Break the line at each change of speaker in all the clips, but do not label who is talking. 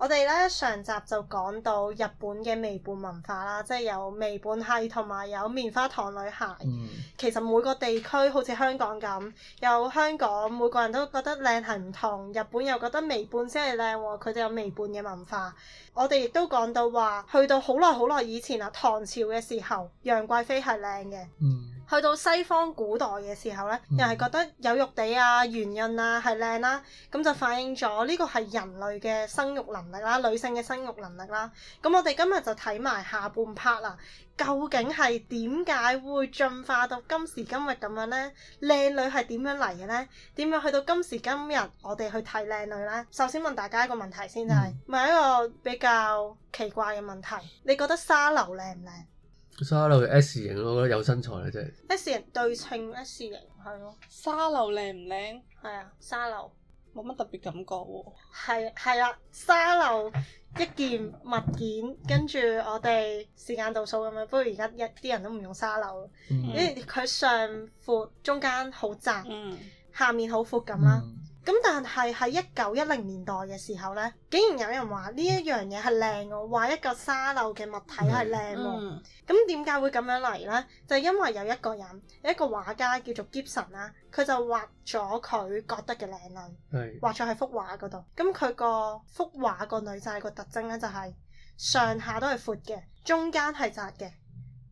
我哋咧上集就講到日本嘅微胖文化啦，即係有微胖係同埋有棉花糖女孩。嗯、其實每個地區好似香港咁，有香港每個人都覺得靚係唔同，日本又覺得微胖先係靚喎，佢哋有微胖嘅文化。我哋亦都講到話，去到好耐好耐以前啊，唐朝嘅時候，楊貴妃係靚嘅。嗯去到西方古代嘅時候呢、嗯、又係覺得有肉地啊、圓潤啊係靚啦，咁、啊、就反映咗呢個係人類嘅生育能力啦、啊、女性嘅生育能力啦、啊。咁我哋今日就睇埋下半 part 啦，究竟係點解會進化到今時今日咁樣呢？靚女係點樣嚟嘅呢？點樣去到今時今日我哋去睇靚女呢？首先問大家一個問題先，嗯、就係問一個比較奇怪嘅問題，你覺得沙流靚唔靚？
沙漏 S 型，我覺得有身材咧，真
係。S 型對稱，S 型係咯。啊、沙漏靚唔靚？係啊，沙漏冇乜特別感覺喎、啊。係係啦，沙漏一件物件，跟住我哋時間倒數咁樣。不過而家一啲人都唔用沙漏，嗯、因佢上闊，中間好窄，嗯、下面好闊咁啦。嗯咁但係喺一九一零年代嘅時候呢，竟然有人話呢一樣嘢係靚喎，畫一個沙漏嘅物體係靚喎。咁點解會咁樣嚟呢？就係因為有一個人，有一個畫家叫做 Gibson 啦，佢就畫咗佢覺得嘅靚女，的畫咗喺幅畫嗰度。咁佢個幅畫個女仔、係個特徵呢，就係上下都係闊嘅，中間係窄嘅。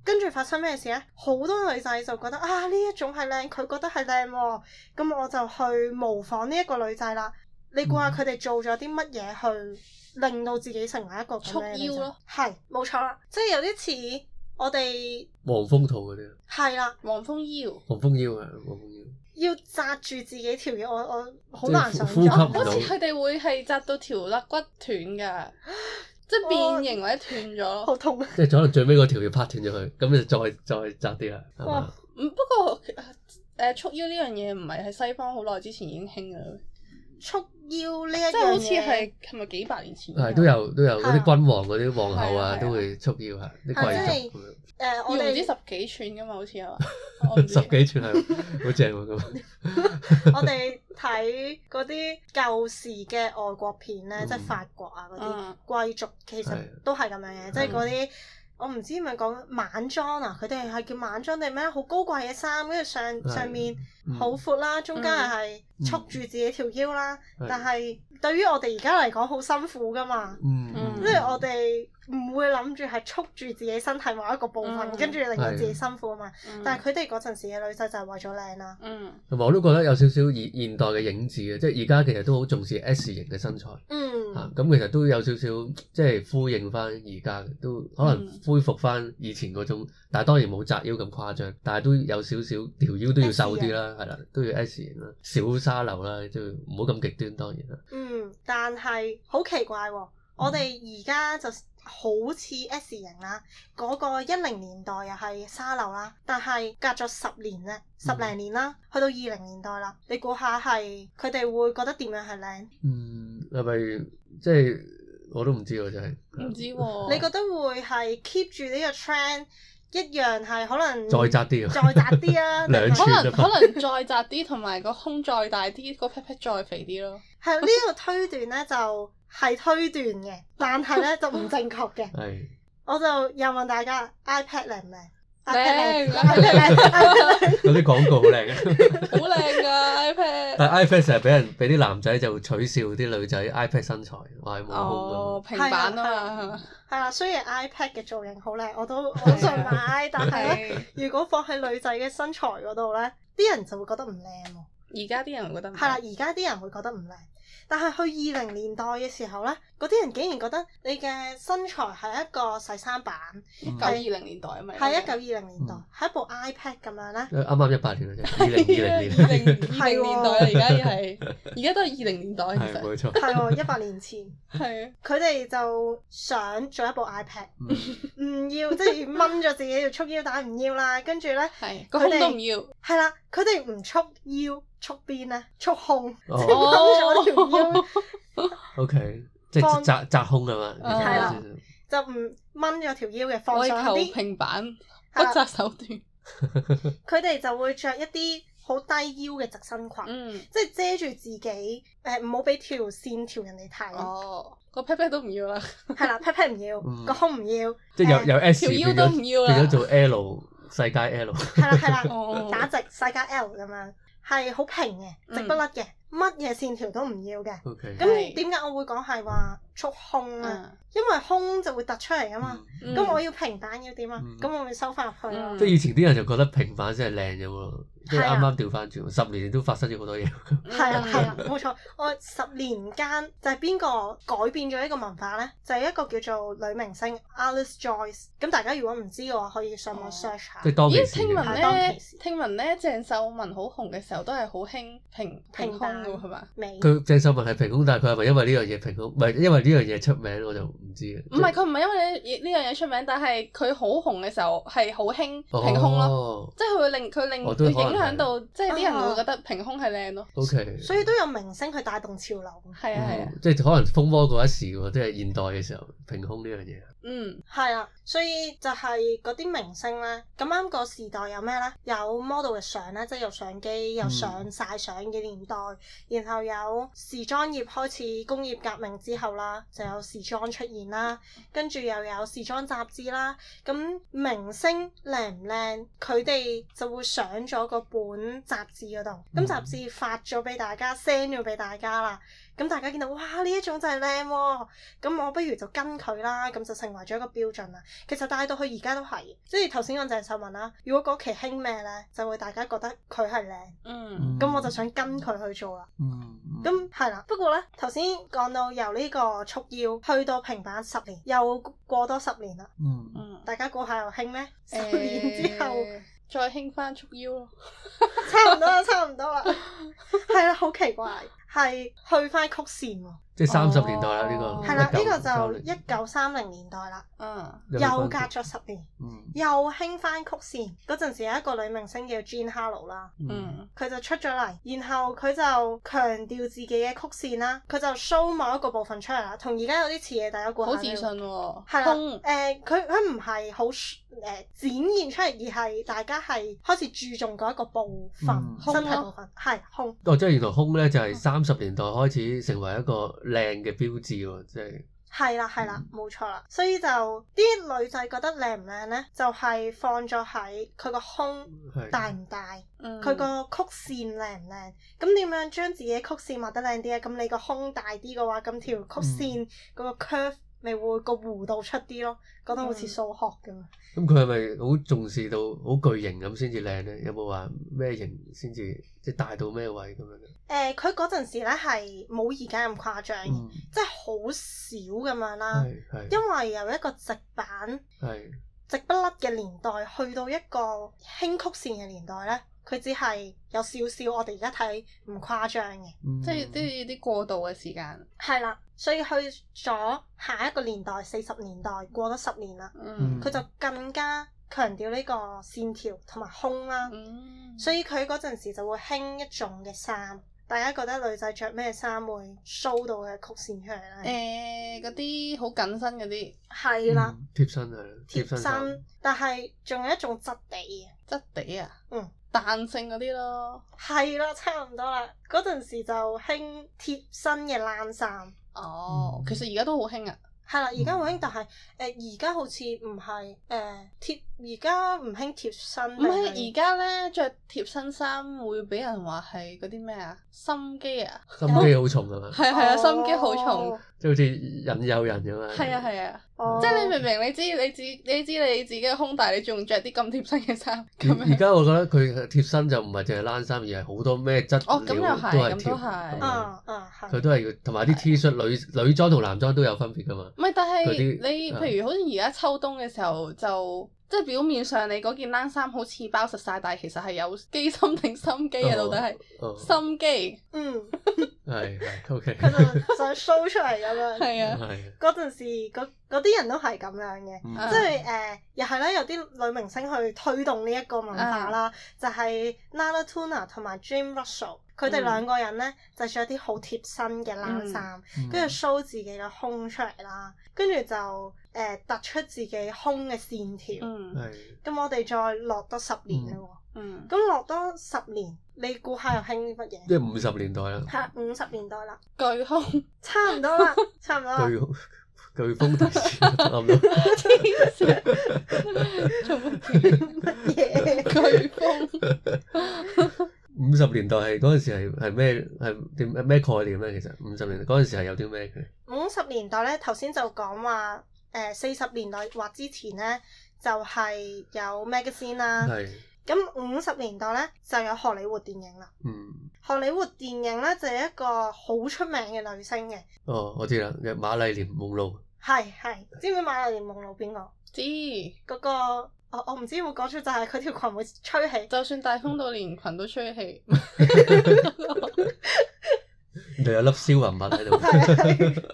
跟住發生咩事咧？好多女仔就覺得啊，呢一種係靚，佢覺得係靚，咁我就去模仿呢一個女仔啦。你估下佢哋做咗啲乜嘢去令到自己成為一個束腰咯？係冇錯啦，即係有啲似我哋
黃蜂肚嗰啲。係啦，
黃蜂，黃蜂腰。
黃蜂腰啊，黃蜂
腰。要
紮住自己條嘢。我我好難想象，好似佢哋會係扎到條肋骨斷㗎。即係變形或者斷咗咯，即係
可能最尾嗰條要拍斷咗佢，咁 就再 再窄啲啦，係
嘛哇吧？不過誒束腰呢樣嘢唔係喺西方好耐之前已經興嘅。束腰呢一樣嘢，係咪幾百年前？係都有都有嗰啲君王
嗰啲皇后啊，都會束腰啊，啲貴族咁樣。
誒，我哋唔知十幾寸噶嘛，好似係嘛？十
幾寸係好正喎咁。
我哋睇嗰啲舊時嘅外國片咧，即係法國啊嗰啲貴族，其實都係咁樣嘅，即係嗰啲。我唔知係咪講晚裝啊，佢哋係叫晚裝定咩？好高貴嘅衫，跟住上上面好闊啦，嗯、中間係束住自己條腰啦，嗯嗯、但係。對於我哋而家嚟講好辛苦噶嘛，因為我哋唔會諗住係束住自己身體某一個部分，跟住令到自己辛苦啊嘛。但係佢哋嗰陣時嘅女仔就係為咗靚啦。
嗯，同埋我都覺得有少少現代嘅影子嘅，即係而家其實都好重視 S 型嘅身材。嗯，咁其實都有少少即係呼應翻而家，都可能恢復翻以前嗰種，但係當然冇紮腰咁誇張，但係都有少少條腰都要瘦啲啦，係啦，都要 S 型啦，小沙漏啦，都唔好咁極端當然啦。
嗯，但係好奇怪喎、哦，嗯、我哋而家就好似 S 型啦，嗰、嗰個一零年代又係沙漏啦，但係隔咗十年咧，十零年啦，嗯、去到二零年代啦，你估下係佢哋會覺得點樣係靚？
嗯，係咪即係我都唔知喎，真係
唔知、啊。 你覺得會係 keep 住呢個 trend
一樣係可能再窄啲，啊，再窄啲啊！可能 可能再窄啲，同埋個胸再大啲，個 pat pat 再肥啲咯。係呢、 這個推斷呢就係、
是、推斷嘅，但係呢 就唔正確嘅。
我就又問大家
iPad 靚唔靚？
靚，啲 廣告好靚 ，
好
靚啊！iPad，
但
係 iPad 成日俾人俾啲男仔就取笑啲女仔 iPad 身材，話冇用。
哦，平板啊，
係啦、啊。雖然 iPad 嘅造型好靚，我都好想買， 但係對如果放喺女仔嘅身材嗰度咧，啲人就會覺得唔靚。而家啲人覺得唔係啦，而家啲人會覺得唔靚。但係去二零年代嘅時候呢，嗰啲人竟然覺得你嘅身材係一個洗衫板。一九二零年代啊咪係一九二零年代，係一部 iPad 咁樣咧。啱啱一百年啊，二零二零二零年代嚟噶，而係而家都係二零年代，其實係冇錯，一百年前，係佢哋就想做一部 iPad，唔要即係掹咗自己要束腰帶，唔要啦，跟住呢，係佢哋都唔要，係啦，佢哋唔束腰。束邊咧，束胸，撐咗條
腰。O K，即係扎紮胸啊嘛，係啦，就
唔掹咗條腰嘅，放上啲平板屈窄手段。佢哋就會着一啲好低腰嘅直身裙，嗯，即係遮住自己，誒，唔好俾條線條人哋睇。哦，個屁屁都唔要啦，係啦，屁屁唔要，個胸唔要，即係由由 S 條腰都唔要啦，變咗
做 L，世界 L，係啦
係啦，打直世界 L 咁樣。係好平嘅，直不甩嘅，乜嘢、嗯、線條都唔要嘅。咁點解我會講係話？促胸啊，因為胸就會突出嚟啊嘛，咁我要平板要點啊？咁我咪收翻入去咯。即係以
前啲人就覺得平板先係靚咗咯，即係啱啱調翻轉，十年都發生咗好多嘢。係啊，
係啊，冇錯。我十年間就係邊個改變咗一個文化咧？就係一個叫做女明星 Alice Joyce。咁大家如果唔知嘅話，
可以上網 search 下。當件咦？聽聞咧，聽聞咧，鄭秀文好紅嘅時候都係好興平平胸噶，係嘛？未。佢
鄭秀文係平胸，但係佢係咪因為呢樣嘢平胸？唔係因為。呢樣嘢出名我就唔知。唔
係佢唔係因為呢呢樣嘢出名，但係佢好紅嘅時候係好興平胸咯，哦、即係佢會令佢令、哦、影響到，即係啲人會覺得平胸係靚咯。
OK，所
以都有明星去帶動潮流，係
啊係啊。嗯、即係可能風波過一時喎，即係現代嘅時候平胸呢樣嘢。
嗯，係啊、mm hmm.，所以就係嗰啲明星呢，咁啱個時代有咩呢？有 model 嘅相呢，即係有相機又上晒相嘅年代，mm hmm. 然後有時裝業開始工業革命之後啦，就有時裝出現啦，跟住又有時裝雜誌啦。咁明星靚唔靚，佢哋就會上咗個本雜誌嗰度，咁、mm hmm. 雜誌發咗俾大家，send 咗俾大家啦。咁大家見到哇，呢一種就係靚喎，咁我不如就跟佢啦，咁就成為咗一個標準啦。其實帶到去而家都係，即係頭先講鄭秀文啦，如果嗰期興咩呢，就會大家覺得佢係靚，咁、嗯、我就想跟佢去做啦。咁係啦，不過呢，頭先講到由呢個束腰去到平板十年，又過多十年啦。嗯，大家估下又興咩？十年之後、欸、再興翻束腰咯，差唔多啦，差唔多啦，係 啦， 好奇怪。係去翻曲線喎，即係三十年代啦呢個，係啦呢個就一九三零年代啦，嗯，又隔咗十年，又興翻曲線嗰陣時有一個女明星叫 Jean Harlow 啦，嗯，佢就出咗嚟，然後佢就強調自己嘅曲線啦，佢就 show 某一個部分出嚟啦，同而家有啲似嘅，大家估下，好自信喎，係啦，誒佢佢唔係好。誒、呃、展現出嚟，而係大家係開始注重嗰一個部分，嗯、胸身體胸部分，係胸。胸哦，
即係原來胸咧，就係三十年代開始成為一個靚嘅標誌喎，即、就、係、
是。係啦、嗯，係啦，冇錯啦。所以就啲女仔覺得靚唔靚咧，就係、是、放咗喺佢個胸大唔大，佢個的、嗯、曲線靚唔靚。咁點樣將自己曲線畫得靚啲咧？咁你個胸大啲嘅話，咁條曲線嗰個 curve、嗯。咪會個弧度出啲咯，覺得好似數學咁。
咁佢係咪好重視到好巨型咁先至靚咧？有冇話咩型先至即係大到咩位咁
樣嘅？誒、呃，佢嗰陣時咧係冇而家咁誇張，嗯、即係好少咁樣啦。因為由一個直板、是直不甩嘅年代去到一個輕曲線嘅年代咧。佢只係有少少，我哋而家睇唔誇張嘅，即係啲啲過渡嘅時間。係啦，所以去咗下一個年代，四十年代過咗十年啦。嗯，佢就更加強調呢個線條同埋胸啦、啊。嗯、所以佢嗰陣時就會興一種嘅衫。大家覺得女仔着咩衫會 show 到嘅曲線出嚟咧？誒、欸，
嗰啲好緊身嗰啲係啦，
貼身係啦，貼身，
但係仲有一種質地啊質地啊，嗯。彈性嗰啲咯，係啦，差
唔多啦。嗰陣時就興貼身嘅冷衫。哦，
嗯、其實
而家都好興啊。係啦喲，而家好興，但係誒，而、呃、家好似唔係誒貼，而
家唔興貼身。唔係而家咧，着貼身衫會俾人話係嗰啲咩啊？心機 啊？
心機好重係嘛？係
係啊，心機好重，
即係好似引誘人咁樣。係
啊係啊。即係你明明你知，你，知你自己你知你自己嘅胸大，你仲着啲咁貼身嘅衫。而而家
我覺得佢貼身就唔係淨係冷衫，而係好多咩質料都係貼。哦，咁又係，咁都係。嗯嗯。佢、啊啊啊、都係要，同埋啲 T 恤的女女裝同男裝都有分別㗎嘛。唔係是，但係你譬如好
似而家秋冬嘅時候就。即係表面上你嗰件冷衫好似包實晒，但係其實係有機心定心機啊！到底係心機，嗯。係
，OK。
佢就想 show 出嚟咁樣。係啊。 係。
嗰陣時，嗰啲人都係咁樣嘅，即係誒，又係咧，有啲女明星去推動呢一個文化啦、 so,，就係 Lana Turner 同埋 Jim Russell，佢哋兩個人咧就著啲好貼身嘅冷衫，跟住 show 自己嘅胸出嚟啦，跟住就。誒、呃，突出自己胸嘅線條。嗯，係。咁我哋再落多十年啦。嗯。咁落多十年，你估下又興啲乜嘢？即係五十年代啦。係五十年代啦。巨空，差唔多啦，差唔多。巨
巨風大師諗到。
乜嘢？巨風。
五十年代係嗰陣時係係咩係點咩概念咧？其實五十年代嗰陣時係有啲咩嘅？
五十年代咧，頭先 就講話。誒，四十年代或之前咧，就係有 magazine 啦。係。咁五十年代咧，就有荷里活電影啦。嗯。荷里活電影咧，就係一個好出名嘅女星嘅。
哦，我知啦，馬麗蓮夢露。
係係，知唔知馬麗蓮夢露邊個？知。嗰個，我
我唔知會講出，就係佢條裙會吹氣。就算大胸到連裙都吹氣。
你有粒消魂物喺度。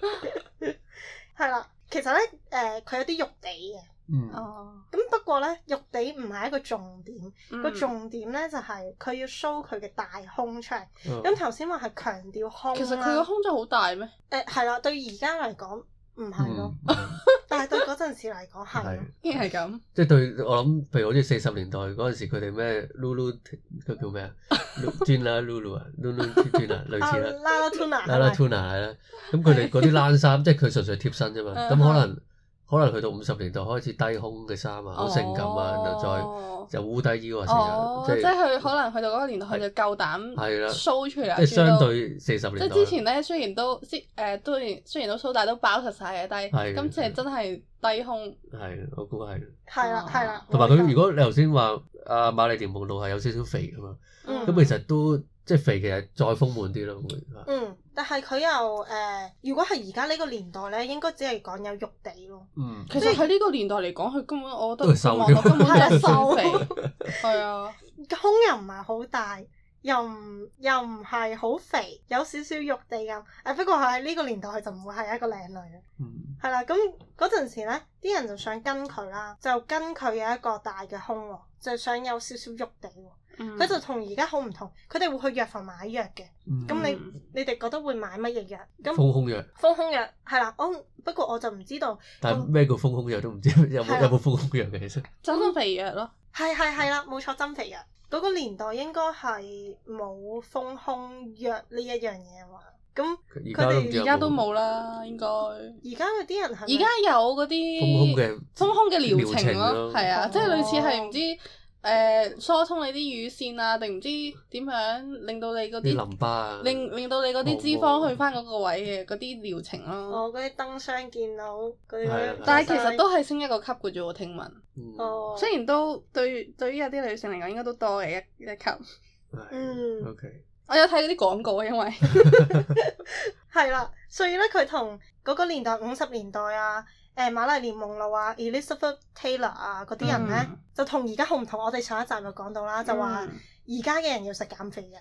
係啦。其實咧，誒、呃、佢有啲肉地嘅，嗯、哦，咁不過咧，肉地唔係一個重點，個、嗯、重點咧就係佢要 show 佢嘅大胸出嚟。咁頭先話係強調胸啦。其實佢個
胸真好大咩？誒、呃，係啦，對而家嚟
講。唔係咯，但係對嗰陣時嚟講
係咯，竟然係咁。即係對我諗，譬如好似四十年代嗰陣時，佢哋咩 Lulu 佢叫咩啊？Luna、Lulu 啊，Lulu、Luna 類似啦。
Lalatuna。Lalatuna
係啦，咁佢哋嗰啲冷衫，即係佢純粹貼身啫嘛，咁可能。可能去到五十年代開始低胸嘅衫啊，好性感啊，然後再就彎低腰啊，成日即係即係佢
可能去到嗰個年代佢就夠膽 show 出嚟，即係相對
四十年
代。即係之前咧雖然都即誒都雖然都 show 但係都包實晒嘅，但係今次真係低胸。
係，我估係。
係啦，係啦。同
埋佢如果你頭先話阿瑪麗蓮夢露係有少少肥啊嘛，
咁其實
都。即係肥其實再豐滿啲咯，嗯，
但係佢又誒、呃，如果係而家呢個年代咧，應該只係講有肉地咯。嗯，其實喺呢個年代嚟講，佢根本我覺得佢瘦落根本係一瘦，係啊，胸又唔係好大，又唔又唔係好肥，有少少肉地咁。誒、啊，不過喺呢個年代，佢就唔會係一個靚女咯，嗯，係啦，咁嗰陣時咧，啲人就想跟佢啦，就跟佢有一個大嘅胸，就想有少少少肉地。佢就同而家好唔同，佢哋會去藥房買藥嘅。咁你你哋覺得會買乜嘢藥？咁豐胸藥，豐胸藥係啦。我不過我就唔知道。
但咩叫豐胸藥都唔知，有冇有冇豐胸藥嘅？其
實增肥藥咯，係係係啦，冇錯，增肥藥，嗰個年代應該係冇豐
胸藥呢一樣嘢啊嘛。咁
佢哋而家都
冇啦，應該。而家有啲人係，而家有嗰啲豐胸嘅豐胸嘅療程咯，係啊，即係類似係唔知。誒疏通你啲乳腺啊，定唔知點樣泡沒令,令到你嗰啲淋巴，令令到你嗰啲脂肪去翻嗰個位嘅嗰啲療程咯。 哦，嗰啲燈箱電到，啲、就是， 但係其實都係升一個級嘅啫。我聽聞，嗯、 雖然都對對,於對於有啲女性嚟講應該都多嘅一,一級。嗯，OK，我有睇嗰啲廣告，因為係啦，所以咧佢同嗰個年代
五十年代啊。誒馬來聯盟路啊，Elizabeth Taylor 啊，嗰啲人呢，mm hmm. 就同而家好唔同。我哋上一集、mm hmm. 就講到啦，就話而家嘅人要食減肥藥，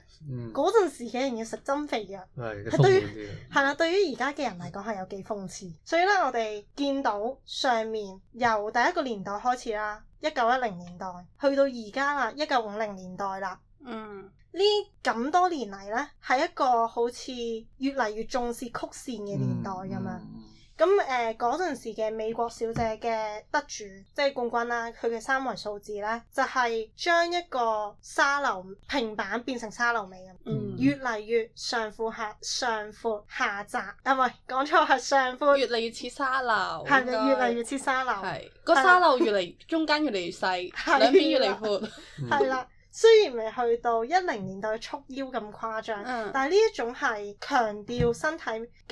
嗰陣、mm hmm. 時嘅人要食增肥藥。係、mm hmm. 對於係啦， 對於而家嘅人嚟講係有幾諷刺。所以咧，我哋見到上面由第一個年代開始啦，一九一零年代去到而家啦，一九五零年代啦。嗯、mm，呢、hmm. 咁多年嚟呢，係一個好似越嚟越重視曲線嘅年代咁樣、mm。Hmm. Mm hmm. 咁誒嗰陣時嘅美國小姐嘅得主，即係冠軍啦，佢嘅三圍數字呢，就係、是、將一個沙漏平板變成沙漏尾咁、嗯，越嚟越上闊下窄，啊唔係講錯係上闊該，越嚟
越似沙漏，係就越嚟越似沙漏，係、個沙漏越嚟 中間越嚟越細，兩邊越嚟闊，係啦。
雖然未去到一零年代束腰咁誇張，嗯、但係呢一種係強調身體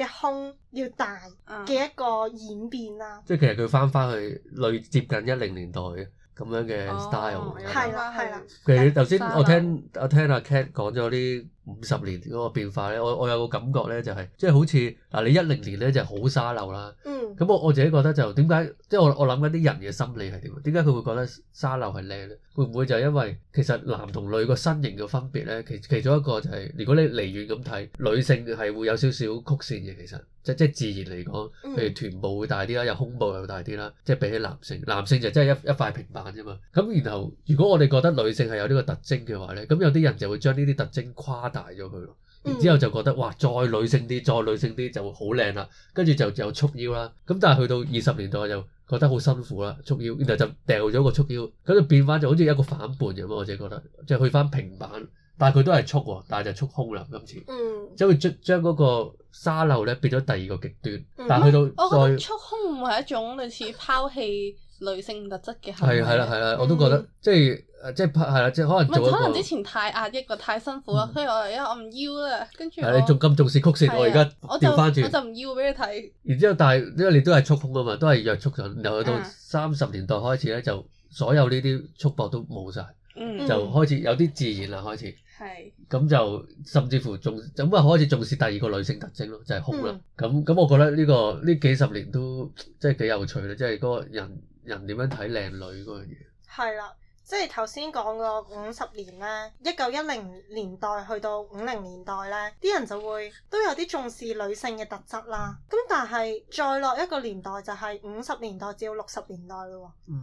嘅胸要大嘅一個演變啦、嗯嗯。
即係其實佢翻翻去類接近一零年代咁樣嘅 style、哦。係
啦係啦。其實頭先我聽
我聽阿 Cat 講咗啲。五十年嗰個變化咧，我我有個感覺咧、就是，就係即係好似嗱你一零年咧就係好沙漏啦，咁我、嗯、我自己覺得就點解？即係、就是、我我諗緊啲人嘅心理係點啊？點解佢會覺得沙漏係靚咧？會唔會就係因為其實男同女個身形嘅分別咧，其其中一個就係、是、如果你離遠咁睇，女性係會有少少曲線嘅，其實即即係自然嚟講，譬如臀部會大啲啦，有胸部又大啲啦，即、就、係、是、比起男性，男性就真係一一塊平板啫嘛。咁然後如果我哋覺得女性係有呢個特徵嘅話咧，咁有啲人就會將呢啲特徵誇大咗佢咯，嗯、然之後就覺得哇，再女性啲，再女性啲就會好靚啦。跟住就就束腰啦。咁但係去到二十年代就覺得好辛苦啦，束腰。然後就掉咗個束腰，咁就變翻就好似一個反叛咁咯。我自己覺得，即係去翻平板，但係佢都係束，但係就束胸啦。今次，嗯，即係會將將嗰個沙漏咧變咗第二個極端。嗯、但係去到，我覺得束
胸唔係一種類似拋棄。女性特質嘅係，係啦係啦，我都
覺得、嗯、即係即係拍係啦，即係可能可能之
前太壓抑過，太辛苦啦，嗯、所以我我唔要啦。跟住係你仲咁重視曲線，的我而家調翻轉。我就唔要俾你睇。
然之後，但係因為你都係束胸啊嘛，都係約束咗，由到三十年代開始咧，就所有呢啲束縛都冇晒，嗯、就開始有啲自然啦，開始係咁、嗯、就甚至乎仲咁啊開始重視第二個女性特徵咯，就係胸啦。咁咁、嗯，嗯、我覺得呢、這個呢幾十年都即係幾有趣啦，即係嗰個人。人點樣睇靚女嗰樣嘢？
係啦，即係頭先講個五十年呢，一九一零年代去到五零年代呢，啲人就會都有啲重視女性嘅特質啦。咁但係再落一個年代就係五十年代至到六十年代咯喎。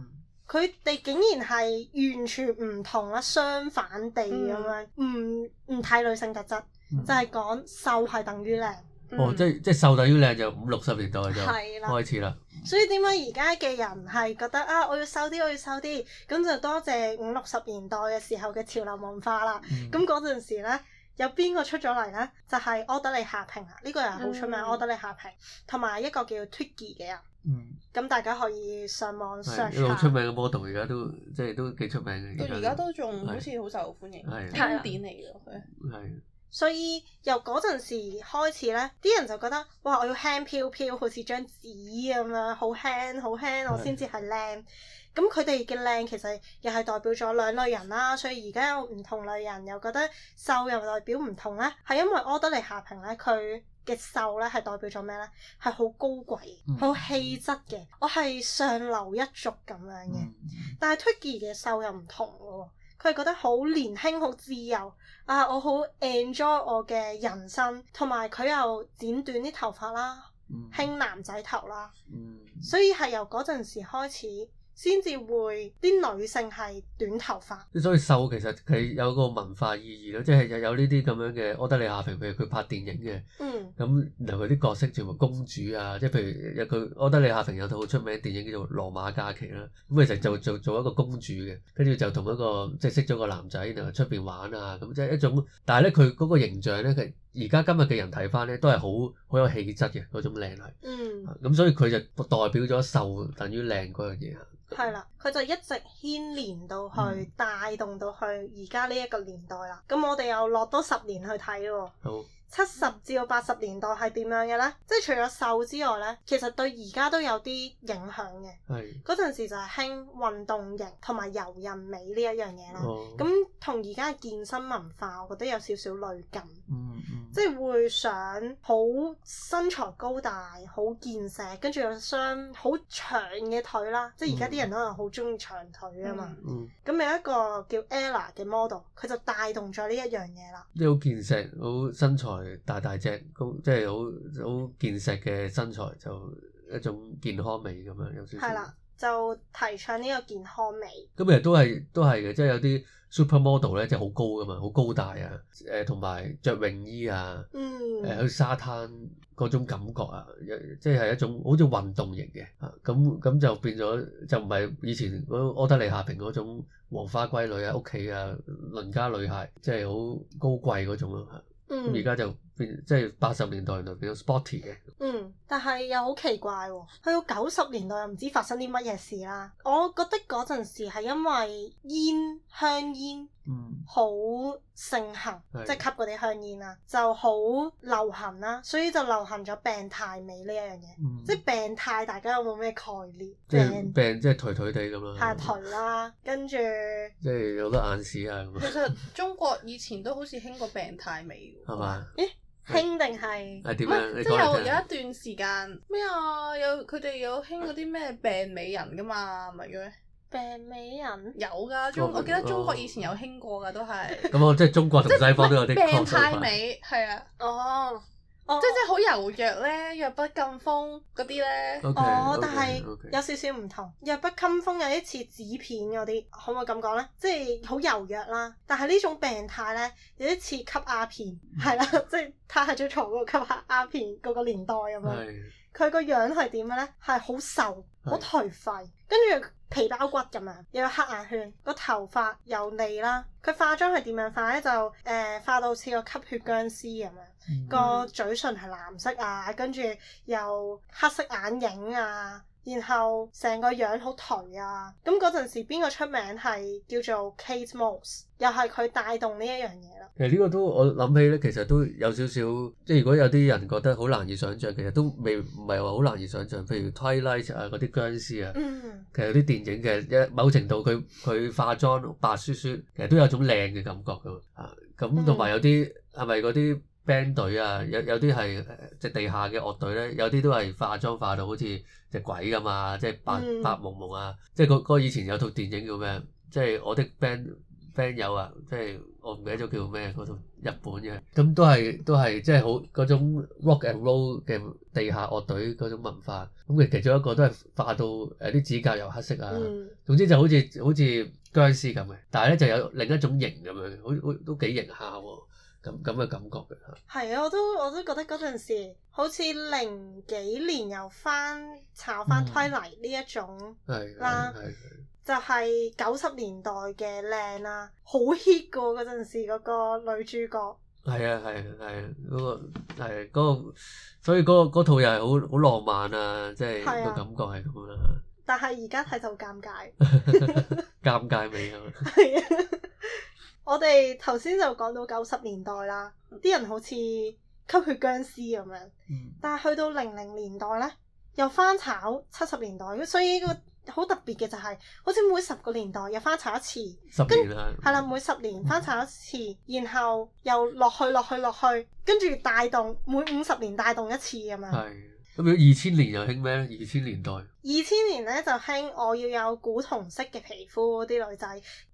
佢哋、嗯、竟然係完全唔同啦，相反地咁樣，唔唔睇女性特質，嗯、就係講瘦係等於靚。嗯哦，嗯、即
係即係瘦等於靚，就五六十年代就係啦開始啦。
所以點解而家嘅人係覺得啊，我要瘦啲，我要瘦啲，咁就多謝五六十年代嘅時候嘅潮流文化啦。咁嗰陣時咧，有邊個出咗嚟咧？就係柯德利夏平啊，呢、呢個人好出名。柯德利夏平同埋一個叫 Twiggy 嘅人。嗯，咁大家可以上網上。係一個好出
名嘅 model，而家都即係都幾出名嘅。名到而家都仲好似好
受歡迎，經典嚟嘅佢。係。所以由嗰陣時開始咧，啲人就覺得哇，我要輕飄飄，好似張紙咁樣，好輕好輕，我先至係靚。咁佢哋嘅靚其實又係代表咗兩類人啦。所以而家有唔同類人又覺得瘦又代表唔同咧，係因為柯德莉夏萍咧，佢嘅瘦咧係代表咗咩咧？係好高貴，好氣質嘅，我係上流一族咁樣嘅。嗯嗯嗯、但係 Twiggy 嘅瘦又唔同喎。佢覺得好年輕，好自由啊！我好 enjoy 我嘅人生，同埋佢又剪短啲頭髮啦，興、mm hmm. 男仔頭啦，mm hmm. 所以係由嗰陣時開始。先至會啲女性係短頭髮，
所以瘦其實佢有個文化意義咯，即係有有呢啲咁樣嘅柯德莉夏萍，譬如佢拍電影嘅，咁嗱佢啲角色全部公主啊，即係譬如柯德利有佢柯德莉夏萍有套好出名嘅電影叫做《羅馬假期》啦，咁其實就做做一個公主嘅，跟住就同一個即係識咗個男仔，然後出邊玩啊，咁即係一種，但係咧佢嗰個形象咧佢。而家今日嘅人睇翻咧，都係好好有氣質嘅嗰種靚女，咁、嗯、所以佢就代表咗瘦等於靚嗰樣嘢。
係啦，佢就一直牽連到去，嗯、帶動到去而家呢一個年代啦。咁我哋又落多十年去睇喎。好七十至到八十年代係點樣嘅呢？即係除咗瘦之外呢，其實對而家都有啲影響嘅。係嗰陣時就係興運動型同埋柔韌美呢一樣嘢啦。咁同而家嘅健身文化，我覺得有少少類近。嗯。即係會想好身材高大、好健碩，跟住有雙好長嘅腿啦。即係而家啲人可能好中意長腿啊嘛。咁、嗯嗯、有一個叫 Ella 嘅 model，佢就帶動咗呢一樣嘢
啦。即好健碩、好身材大大隻，咁即係好好健碩嘅身材就一種健康美咁樣。係啦，
就提倡呢個健康美。
咁其實都係都係嘅，即係有啲。Supermodel 咧，即係好高㗎嘛，好高大啊，誒同埋着泳衣啊，誒去、mm. 啊、沙灘嗰種感覺啊，即係一種好似運動型嘅，咁咁就變咗就唔係以前嗰奧德利夏平嗰種黃花閨女啊，屋企啊鄰家女孩，即係好高貴嗰種咯嚇，
咁而家
就。即係八十年代就變到 sporty 嘅。嗯，
但係又好奇怪喎。去到九十年代又唔知發生啲乜嘢事啦。我覺得嗰陣時係因為煙香煙嗯好盛行，即係吸嗰啲香煙啊，就好流行啦。所以就流行咗病態美呢一樣嘢。即係病
態，大家有冇咩概念？病
病即係頹頹哋咁樣。下
頹啦，跟住
即係有得眼屎啊咁樣。其實
中國以前都好似興過病態美㗎。係嘛？咦？興定係，即有、係點、有一段時間咩啊？有佢哋有興嗰啲咩病美人噶嘛，咪叫咩？病美人有噶中，哦、我記得中國以前有興過噶都係。
咁我即係中國同西方都有啲病態美，
係啊，哦。哦、即係即係好柔弱咧，弱不禁風嗰啲咧。Okay,
okay, okay. 哦，但係有少少唔同，弱不禁風有啲似紙片嗰啲，可唔可以咁講呢？即係好柔弱啦，但係呢種病態呢，有啲似吸阿片，係啦， 即係躺喺張牀嗰度吸阿阿片嗰個年代咁樣。佢個 樣係點嘅呢？係好瘦，好的頹廢，跟住。皮包骨咁樣，有黑眼圈，個頭髮油膩啦。佢化妝係點樣化咧？就誒、呃，化到似個吸血僵屍咁樣，個 嘴唇係藍色啊，跟住又黑色眼影啊。然後成個樣好頹啊，咁嗰陣時邊個出名係叫做 Kate Moss，又係佢帶動呢一樣嘢
啦。其實呢個都我諗起咧，其實都有少少，即係如果有啲人覺得好難以想象，其實都未唔係話好難以想象。譬如《Twilight》啊，嗰啲僵屍啊，嗯、其實有啲電影嘅某程度，佢佢化妝白雪雪，其實都有種靚嘅感覺噶。啊，咁同埋有啲係咪嗰啲？嗯是 band 隊啊，有有啲係即係地下嘅樂隊咧，有啲都係化妝化到好似隻鬼咁啊，即係白白蒙蒙啊、mm，hmm. 即係嗰嗰以前有套電影叫咩？即係我的 band band、mm hmm. 友啊，即係我唔記得咗叫咩嗰套日本嘅，咁都係都係即係好嗰種 rock and roll 嘅地下樂隊嗰種文化。咁佢其中一個都係化到誒啲指甲油黑色啊、mm，hmm. 總之就好似好似殭屍咁嘅。但係咧就有另一種型咁樣，好好都幾型下喎。咁咁嘅感覺
嘅嚇，係啊！我都我都覺得嗰陣時好似零幾年又翻炒翻推嚟呢一種啦，就係九十年代嘅靚啦，好 hit 噶嗰陣時嗰個女主角。
係啊係啊係啊，嗰個係嗰個，所以嗰套又係好好浪漫啊！即係個感覺係咁啦。
但係而家睇到尷尬，
尷尬未
啊？係啊。我哋頭先就講到九十年代啦，啲人好似吸血僵屍咁樣。嗯、但係去到零零年代呢，又翻炒七十年代，所以個好特別嘅就係、是，好似每十個年代又翻炒一次，十年跟年係、嗯、啦，每十年翻炒一次，嗯、然後又落去落去落去，跟住帶動每五十年帶動一次咁樣。嗯
咁二千年又興咩咧？
二千年代。二千年咧就興我要有古銅色嘅皮膚，啲女仔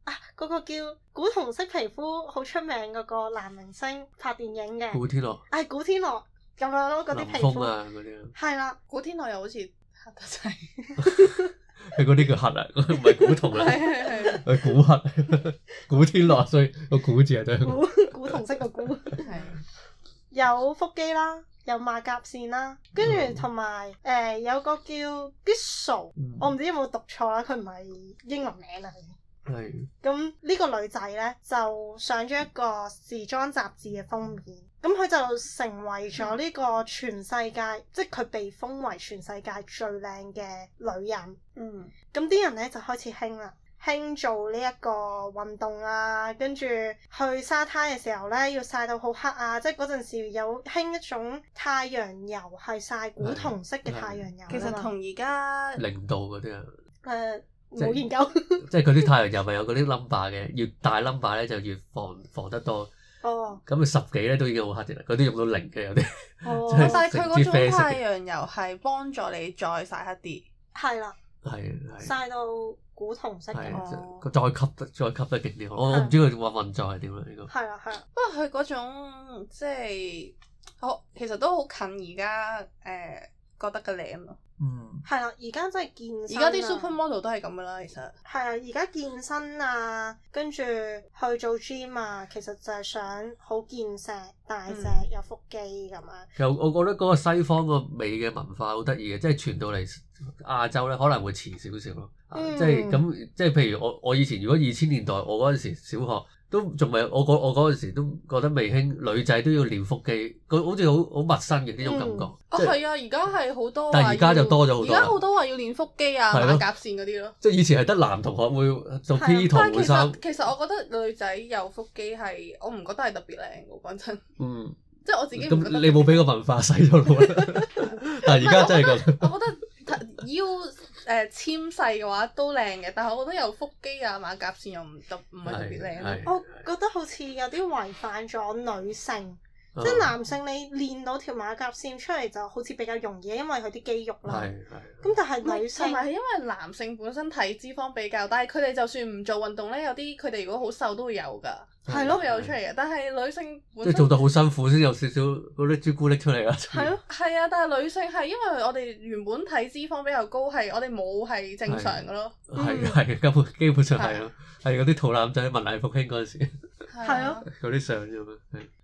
啊，嗰、嗰個叫古銅色皮膚好出名嗰個男明星拍電影嘅、哎。古天樂。係古天樂咁樣咯，嗰啲皮膚啊嗰啲。係啦，古天樂又好似黑
得滯。係嗰啲叫黑啊，唔係古銅啦、啊。係係係。係古黑，古天樂，所以個古字啊。古
古銅色個古。係。 有腹肌啦。有馬甲線啦，跟住同埋誒有、呃、有個叫 Bisou、嗯、我唔知有冇讀錯啦，佢唔係英文名嚟嘅。係。咁呢、嗯、個女仔呢，就上咗一個時裝雜誌嘅封面，咁佢就成為咗呢個全世界，嗯、即係佢被封為全世界最靚嘅女人。嗯。咁啲人呢，就開始興啦。興做呢一個運動啊，跟住去沙灘嘅時候咧，要曬到好黑啊！即係嗰陣時有興一種太陽油，係曬古銅色嘅太陽油。其實同而
家
零度嗰啲啊，誒冇、嗯、
研
究。即係嗰啲太陽油咪有嗰啲 number 嘅，越大 number 咧，就越防防得多。哦。咁佢十幾咧都已經好黑啲啦，佢都用到零嘅有啲。哦。但係佢嗰種太
陽油係幫助你再曬黑啲。係啦了。係係。曬到。古銅色
嘅，再吸得再吸得極啲。的我唔知佢運唔運在係點啦，呢個係啊，
係啊。不過佢嗰種即係，我其實都好近而家誒覺得嘅靚咯，嗯，係啦，而家真係健身而家啲 supermodel 都係咁噶啦，其實係啊，而家健身
啊，跟住、啊、去做 gym 啊，其實就係想好健碩大隻、嗯、有腹肌
咁樣。又我覺得嗰個西方個美嘅文化好得意嘅，即係傳到嚟。亞洲咧可能會遲少少咯，即係咁，即係譬如我我以前如果二千年代，我嗰陣時小學都仲未，我我嗰陣時都覺得未興，女仔都要練腹肌，咁好似好好陌生嘅呢種感覺。哦，係啊，
而家係好多，但係而家就多咗好多，而家好多話要練腹肌啊，馬甲線嗰啲咯。
即係以前係得男同學會做 P 圖，其實我
覺得女仔有腹肌係，我唔覺得係特別靚噶，講真。嗯。即係我自己。咁你
冇俾個文化洗咗腦？但
係而家真係覺得。我覺得。腰誒纖、呃、細嘅話都靚嘅，但係我覺得有腹肌啊，馬甲線又唔特唔係特別靚咯，我覺得好似有啲違反咗女性。
即係男
性，你練到條馬甲線出嚟就好似比較容易，因為佢啲肌肉啦。
咁但係女性同埋因為男性本身體脂肪比較，但係佢哋就算唔做運動咧，有啲佢哋如果好瘦都會有㗎。係咯，會有出嚟嘅。但係女性，即做得好
辛苦先有少少嗰啲朱古力出嚟啦。
係咯，係啊！但係女性係因為我哋原本體脂肪比較高，係我哋冇係正常嘅咯。
係係，根本基本上係咯，係嗰啲肚腩仔文藝復興嗰陣時。係咯。嗰啲相啫嘛。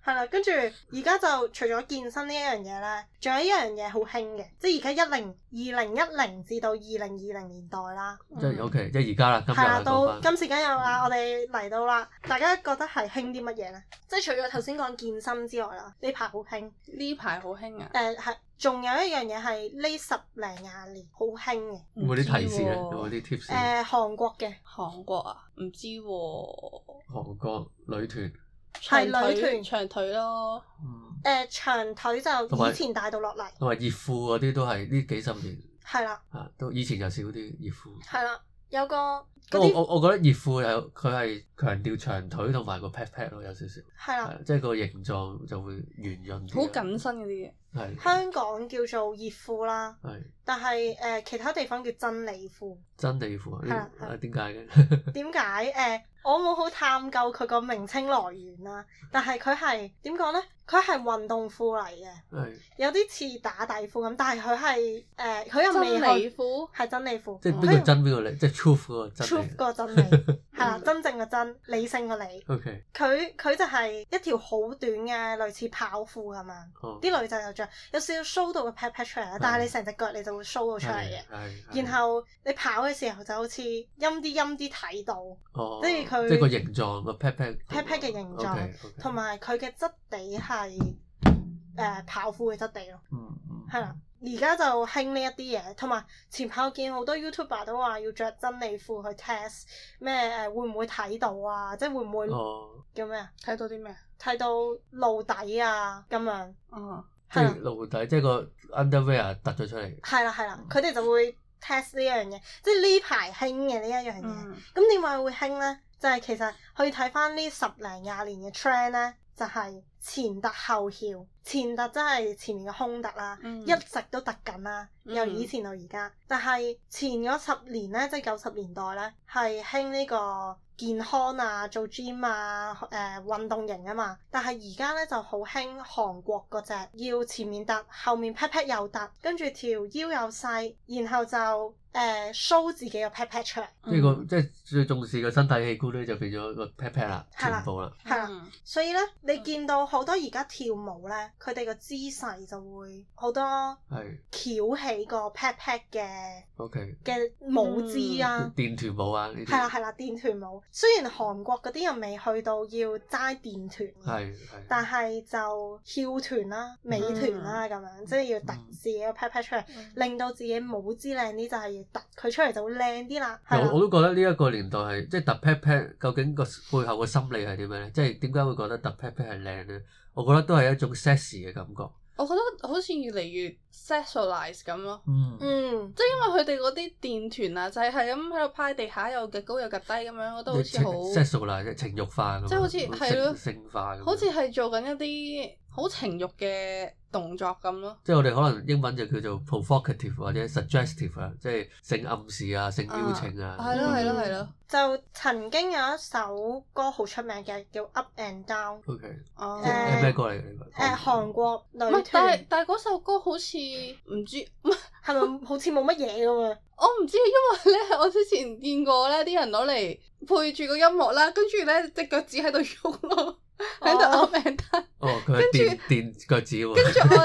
係啦，跟住
而家就除咗健身呢一樣嘢呢，仲有一樣嘢好興嘅，即係而家一零二零一零至到二零二零年代啦。嗯、即
係 O K，即係而家啦。係啊，到今
時今日啦，嗯、我哋嚟到啦，大家覺得係興啲乜嘢呢？即係除咗頭先講健身之外啦，呢排好興，呢排好興啊。誒、呃，係，仲有一樣嘢係呢十零廿年好興嘅。我啲、啊、提示啊，我啲 tips。誒、呃，韓國嘅韓國啊，唔知、啊。韓
國女團。
係女團長腿咯，誒、嗯呃、長腿就以前大到落嚟，
同埋熱褲嗰啲都係呢幾十年係啦，啊都的以前就少啲熱褲
係啦，有個不過我
我覺得熱褲有佢係強調長腿同埋個 pat pat 咯，有少少係啦，即係的的個形狀就會圓潤啲，好緊
身嗰啲嘢。香港叫做熱褲啦，但係誒其他地方叫真理褲。
真理褲係啦，點解嘅？
點解誒？我冇好探究佢個名稱來源啦，但係佢係點講咧？佢係運動褲嚟嘅，有啲似打底褲咁，但係佢係誒佢又未係真理，即係真理，即邊個真，邊個即 True 嗰個真。係啦， 嗯、 真正嘅真，理性嘅理，佢佢 Okay. 就係一條好短嘅類似跑褲咁樣，啲、oh. 女仔就着，有少少 show 到個 pat pat 出嚟啦。Oh. 但係你成隻腳你就會 show 到出嚟嘅，oh. 然後你跑嘅時候就好似陰啲陰啲睇到，oh. 跟住佢即係個形
狀個 pat pat pat pat 嘅形狀，同
埋佢嘅質地係誒、呃、跑褲嘅質地咯。嗯。係啦，而家就興呢一啲嘢，同埋前排我見好多 YouTuber 都話要着真理褲去 test 咩誒，會唔會睇到啊？即係會唔會、哦、叫咩啊？睇到啲咩啊？睇到露底啊咁樣。
哦、嗯，的即露底，的即係個 underwear 凸咗出嚟。
係啦係啦，佢哋、嗯、就會 test 呢一樣嘢，即係呢排興嘅呢一樣嘢。咁點解會興呢？就係、是、其實去睇翻呢十零廿年嘅 trend 呢，就係、就、是前凸後翹，前凸真係前面嘅胸凸啦，嗯、一直都凸緊啦，由以前到而家。嗯、但係前嗰十年呢，即係九十年代呢，係興呢個健康啊，做 gym 啊，誒、呃、運動型啊嘛。但係而家呢，就好興韓國嗰隻，要前面凸，後面劈劈又凸，跟住條腰又細，然後就～誒 show 自己個 pat pat 出嚟，即係
個即係最重視個身體器官咧，就變咗個 pat pat 啦，臀部啦，係啦，
所以咧，你見到好多而家跳舞咧，佢哋個姿勢就會好多係翹起個 pat pat 嘅，OK 嘅舞姿啊，
電臀舞啊，呢啲係啦係
啦，電臀舞雖然韓國嗰啲又未去到要齋電臀，
係，
但係就翹臀啦、美臀啦咁樣，即係要突自己個 pat pat 出嚟，令到自己舞姿靚啲就係。佢出嚟就會靚啲啦。
我都覺得呢一個年代係即係突 pat pat，究竟個背後個心理係點樣咧？即係點解會覺得突 pat pat 係靚咧？我覺得都係一種 sexy 嘅感覺。
我覺得好似越嚟越 sexualised 咁咯。嗯，即係因為佢哋嗰啲電團啊，就係係咁喺度派地下，又趌高又趌低咁樣，我都好似好
sexualised 情慾化。即係好似係咯，性化。好似
係做緊一啲好情慾嘅動作咁咯，
即係我哋可能英文就叫做 provocative 或者 suggestive 啊，即係性暗示啊，性邀請啊。係咯、啊，
係咯樣，係咯。就曾經
有一首歌好出名嘅，叫 Up and Down。O Okay , K、uh,。哦。
誒咩歌嚟
嘅？誒韓國女團。但係但係嗰首歌好似唔知，唔係咪好似冇乜嘢咁啊？ 我唔知，因為咧我之前見過咧啲人攞嚟配住個音樂啦，跟住咧隻腳趾喺度喐咯。 喺度惡名得，
哦，跟住掂喎。跟住
我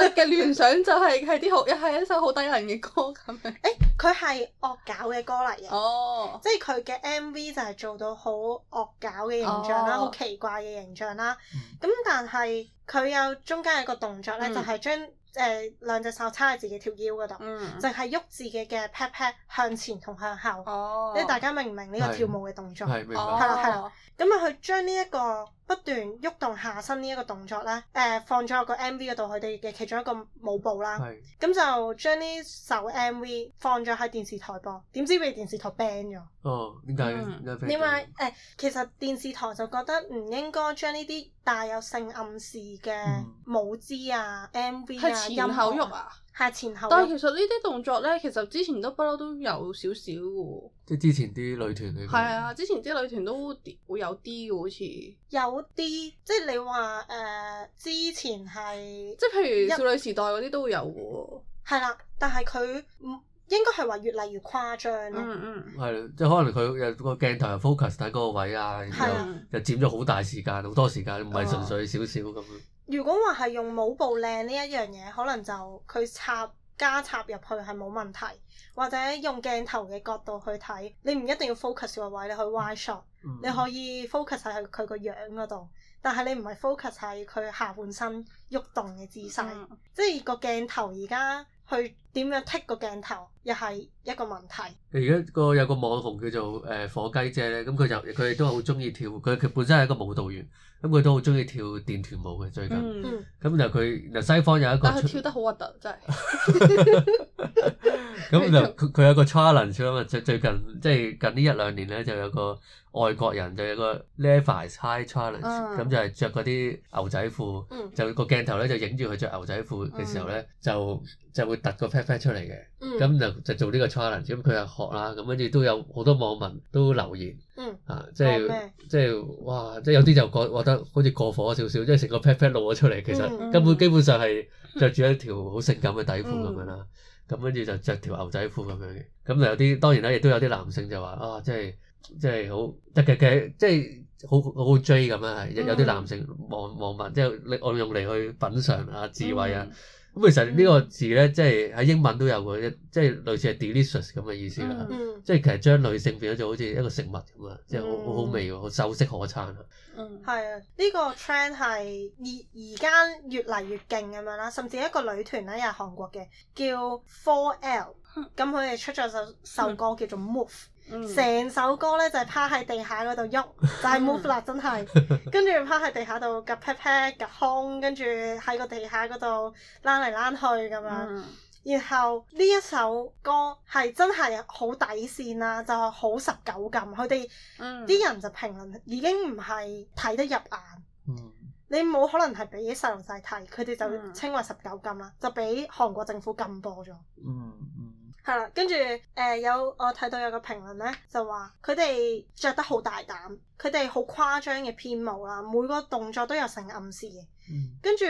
嘅聯想就係係啲好，係一首好低能嘅歌咁樣。誒，佢係惡搞嘅歌嚟嘅，哦，即係佢嘅 MV 就係做到好
惡搞嘅形象啦，好奇怪嘅形象啦。咁但係佢有中間有個動作咧，就係將誒兩隻手叉喺自己條腰嗰度，就係喐自己嘅 pat pat 向前同向後。哦，即係大家明唔明呢個跳舞嘅動作？係明。係啦係啦，咁啊佢將呢一個。不斷喐動下身呢一個動作呢誒、呃、放咗個 MV 度，佢哋嘅其中一個舞步啦，咁是就將呢首 MV 放咗喺電視台播，點知畀電視台 ban 咗。
哦，點解點
解？誒其實電視台就覺得唔應該將呢啲帶有性暗示嘅舞
姿啊、嗯、MV 啊，口啊音樂。前啊！係前後，但係其實呢啲動作咧，其實之前都不嬲都有少少嘅
喎。即係之前啲女團你係啊，
之前啲女團都會有啲嘅好似。有啲即係你話誒、呃，之前
係即係譬如少女時
代嗰啲都會有嘅
喎。係啦、啊，但係佢唔應該係話越嚟越誇張咯、嗯。嗯嗯，
係即係可能佢有個鏡頭有 focus 喺嗰個位啊，然後就佔咗好大時間，好的多時間，唔係純粹少少咁。
如果話係用舞步靚呢一樣嘢，可能就佢插加插入去係冇問題，或者用鏡頭嘅角度去睇，你唔一定要 focus 個位，你去 wide shot，你可以 focus 喺佢個樣嗰度，但係你唔係 focus 喺佢下半身喐動嘅姿勢，嗯嗯，即係個鏡頭而家去。點樣剔個鏡頭又係一個問題。
而家個有個網紅叫做誒、呃、火雞姐咧，咁佢就佢都好中意跳，佢佢本身係一個舞蹈員，咁佢都好中意跳電臀舞嘅最近。咁、嗯、就佢西方有一個，但係
跳得好核突真係。咁 就
佢有個 challenge 啊嘛，最近即係近呢一兩年咧就有個外國人就有個 Levi high challenge，咁、嗯、就係着嗰啲牛仔褲，嗯、就個鏡頭咧就影住佢着牛仔褲嘅時候咧就、嗯嗯、就會突個出嚟嘅，咁就、嗯、就做呢個 challenge。咁佢又學啦，咁跟住都有好多網民都留言，嗯、啊，即係即係哇，即係有啲就覺覺得好似過火少少，即係成個 pat pat 露咗出嚟。其實根本基本上係着住一條好性感嘅底褲咁樣啦，咁跟住就着條牛仔褲咁樣嘅。咁有啲當然啦，亦都有啲男性就話啊，即係即係好即係好好追咁樣係。有啲男性網網民即係你愛用嚟去品嚐啊，智慧啊。嗯。咁其實呢個字咧，即係喺英文都有嘅，即、就、係、是、類似係 delicious 咁嘅意思啦。Mm. 即係其實將女性變咗就好似一個食物咁啊，即、就、係、是、好好味喎，好秀色可餐啊。嗯、mm.，
係 啊，呢、這個 trend 係而而家越嚟越勁咁樣啦。甚至一個女團咧，又係韓國嘅，叫 Four L，咁佢哋出咗首首歌叫做 Move。成、嗯、首歌咧就係趴喺地下嗰度喐，就係 move 啦，真係。 跟住趴喺地下度，夾 pat pat 夾空，跟住喺個地下嗰度躝嚟躝去咁樣。嗯、然後呢一首歌係真係好底線啦、啊，就係好十九禁。佢哋啲人就評論已經唔係睇得入眼。嗯、你冇可能係俾細路仔睇，佢哋就稱為十九禁啦，就俾韓國政府禁播咗。嗯係啦，跟住誒有我睇到有個評論咧，就話佢哋着得好大膽，佢哋好誇張嘅編舞啦，每個動作都有成暗示嘅，跟住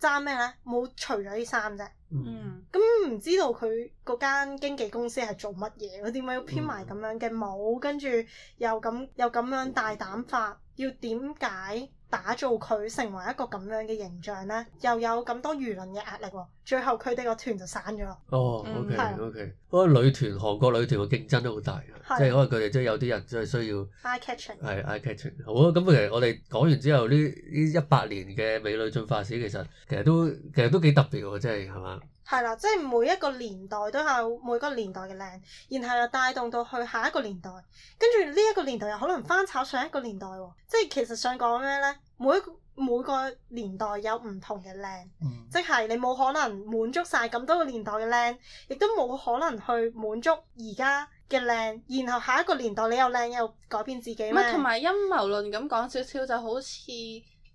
爭咩咧？冇除咗啲衫啫，嗯、咁唔知道佢嗰間經紀公司係做乜嘢？佢點解要編埋咁樣嘅舞，跟住又咁又咁樣大膽法，要點解？打造佢成為一個咁樣嘅形象咧，又有咁多輿論嘅壓力，最後佢哋個團就散咗咯。哦，OK，OK，嗰
個女團，韓國女團嘅競爭都好大嘅，的即係可能佢哋即係有啲人即係需要。
Eye catching。係
eye catching。好啊，咁其實我哋講完之後，呢呢一百年嘅美女進化史，其實其實都其實都幾特別喎，即係係嘛。
係啦，即係每一個年代都有每個年代嘅靚，然後又帶動到去下一個年代，跟住呢一個年代又可能翻炒上一個年代。即係其實想講咩呢？每一個每個年代有唔同嘅靚，嗯、即係你冇可能滿足晒咁多個年代嘅靚，亦都冇可能去
滿足而家嘅靚，然後下一個年代你又靚又改變自己咩？同埋陰謀論咁講少少，就好似。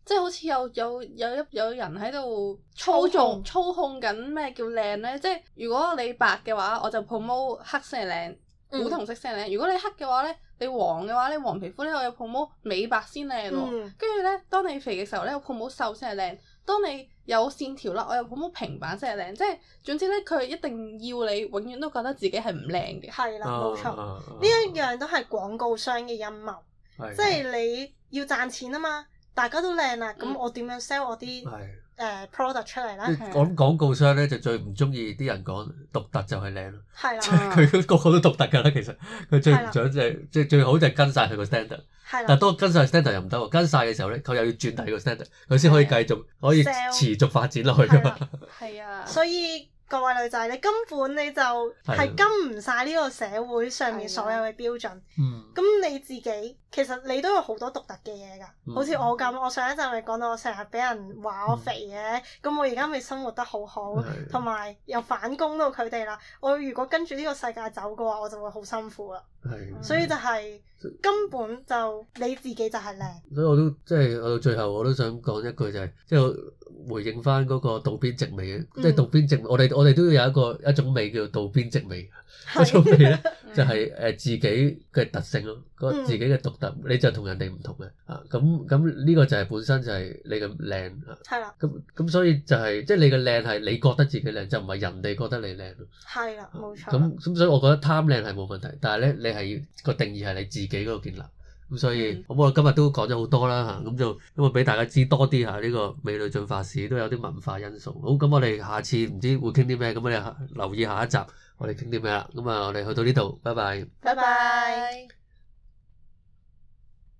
即係好似有有有一有人喺度操縱操控緊咩控叫靚咧？即係如果你白嘅話，我就 promo 黑先靚；嗯、古銅色先靚。如果你黑嘅話咧，你黃嘅話咧，黃皮膚咧，我又 promo 美白先靚喎。跟住咧，當你肥嘅時候咧，我 promo 瘦先靚。當你有線條啦，我又 promo 平板先靚。即係總之咧，佢一定要你永遠都覺得自己係唔靚嘅。係啦，冇錯，呢一樣都係廣告商嘅陰謀。的即係
你要賺錢啊嘛～大家都靚啦，咁我點樣 sell 我啲誒的、呃、product 出嚟咧？講
廣告商咧，就最唔中意啲人講獨特就係靚咯，
係啦的，佢個、
個個都獨特㗎啦，其實佢最唔想就係、是、的最最好就係跟晒佢個 s t a n d a r d，但係都跟曬 s t a n d a r d 又唔得喎，跟晒嘅時候咧，佢又要轉第個 s t a n d a r d 佢先可以繼續的可以持續發展落去㗎嘛，係啊
所以。各位女仔，你根本你就係跟唔晒呢個社會上面所有嘅標準。咁、嗯、你自己其實你都有好多獨特嘅嘢噶，好似、嗯、我咁，我上一集咪講到我成日俾人話我肥嘅，咁、嗯、我而家咪生活得好好，同埋的又反攻到佢哋啦。我如果跟住呢個世界走嘅話，我就會好辛苦啦。所以就係根本就你自己就係靚，
所以我都即係、就是、我到最後我都想講一句就係、是，即、就、係、是、我回應翻嗰個道邊植美即係、就是、道邊植、嗯，我哋我哋都要有一個一種美，叫道邊植美。嗰種味咧就係誒自己嘅特性咯，嗰個自己嘅獨特，你就人同人哋唔同嘅啊！咁咁呢個就係本身就係你嘅靚，係、啊、啦。咁咁所以就係即係你嘅靚係你覺得自己靚，就唔係人哋覺得你靚。係、啊、啦，冇
錯。咁
咁所以我覺得貪靚係冇問題，但係咧你係要個定義係你自己嗰個建立。咁所以，咁、嗯、我今日都講咗好多啦嚇，咁、啊、就因為俾大家知多啲嚇呢個美女進化史都有啲文化因素。好，咁我哋下次唔知會傾啲咩，咁我哋留意下一集我哋傾啲咩啦。咁啊，我哋去到呢度，拜拜。
拜拜。